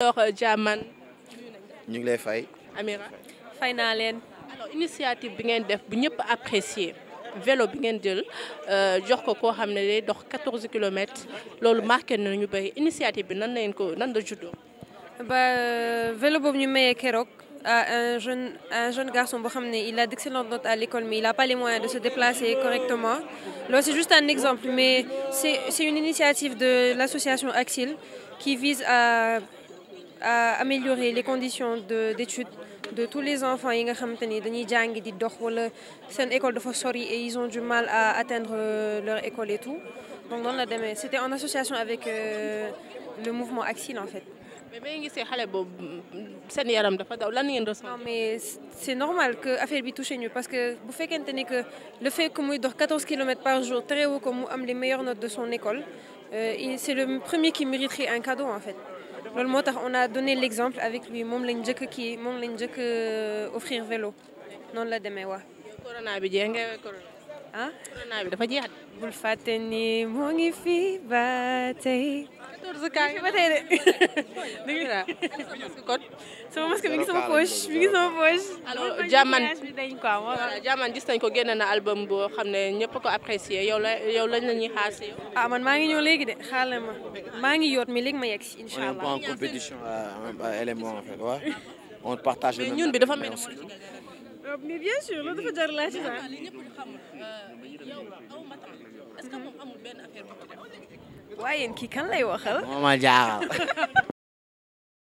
alors euh, Diamane. ñu ngi lay fay. Amira fay naa leen. initiative bi ngeen def bu ñëpp apprécier velo bi ngeen jël euh, jox ko koo xam ne day dox 14 kilomètres loolu marqué na ñu bëri initiative bi nan leen ko nan de juddoo. ba euh, vélo boobu ñu mayee keroog à un jeune un jeune garçon boo xam ne il a d'excellentes notes à l'école mais il a pas les moyens de se déplacer correctement loolu c'est juste un exemple mais c'est c'est une initiative de l'association Axil qui vise à améliorer les conditions de d'études de tous les enfants yi nga xamante ni dañuy jàngi di dox wala seen école dafa sori et ils ont du mal à atteindre euh, leur école et tout donc noonu la demee c'était en association avec euh, le mouvement Axil en fait. mais ba ngi gisee xale boobu seen yaram dafa daw lan ngeen ressent. non mais c'est normal que affaire bi touché ñu parce que bu fekkente ni que le fait que muy dox 14 kilomètres par jour terewul ko mu am les meilleures notes de son école euh, c'est le premier qui mériterait un cadeau en fait. loolu moo tax on a donné l'exemple avec lui moom lañ jëkk kii moom lañ jëkk offrir velo noonu la demee waa. corona bi jeex nga corona. ah corona bi dafa jeex. bul fàtte ni moo ngi fi ba tey. sama masque mi ngi sama poche mi ngi sama poche. alors jàmman jàmman gis nañ ko génn na album boo xam ne ñëpp ko apprécier yow la yow lañ la ñuy xaar si ah, man maa ngi ñëw léegi de xaaral maa ngi yoot mi léegi ma yegg si incha allah. on est en compétition à euh, élément en fait on partage. mais ñun bi dafa mel euh, mais bien sûr loolu dafa jar laaj waaye yéen kii kan lay waxal. moo ma jaaxal.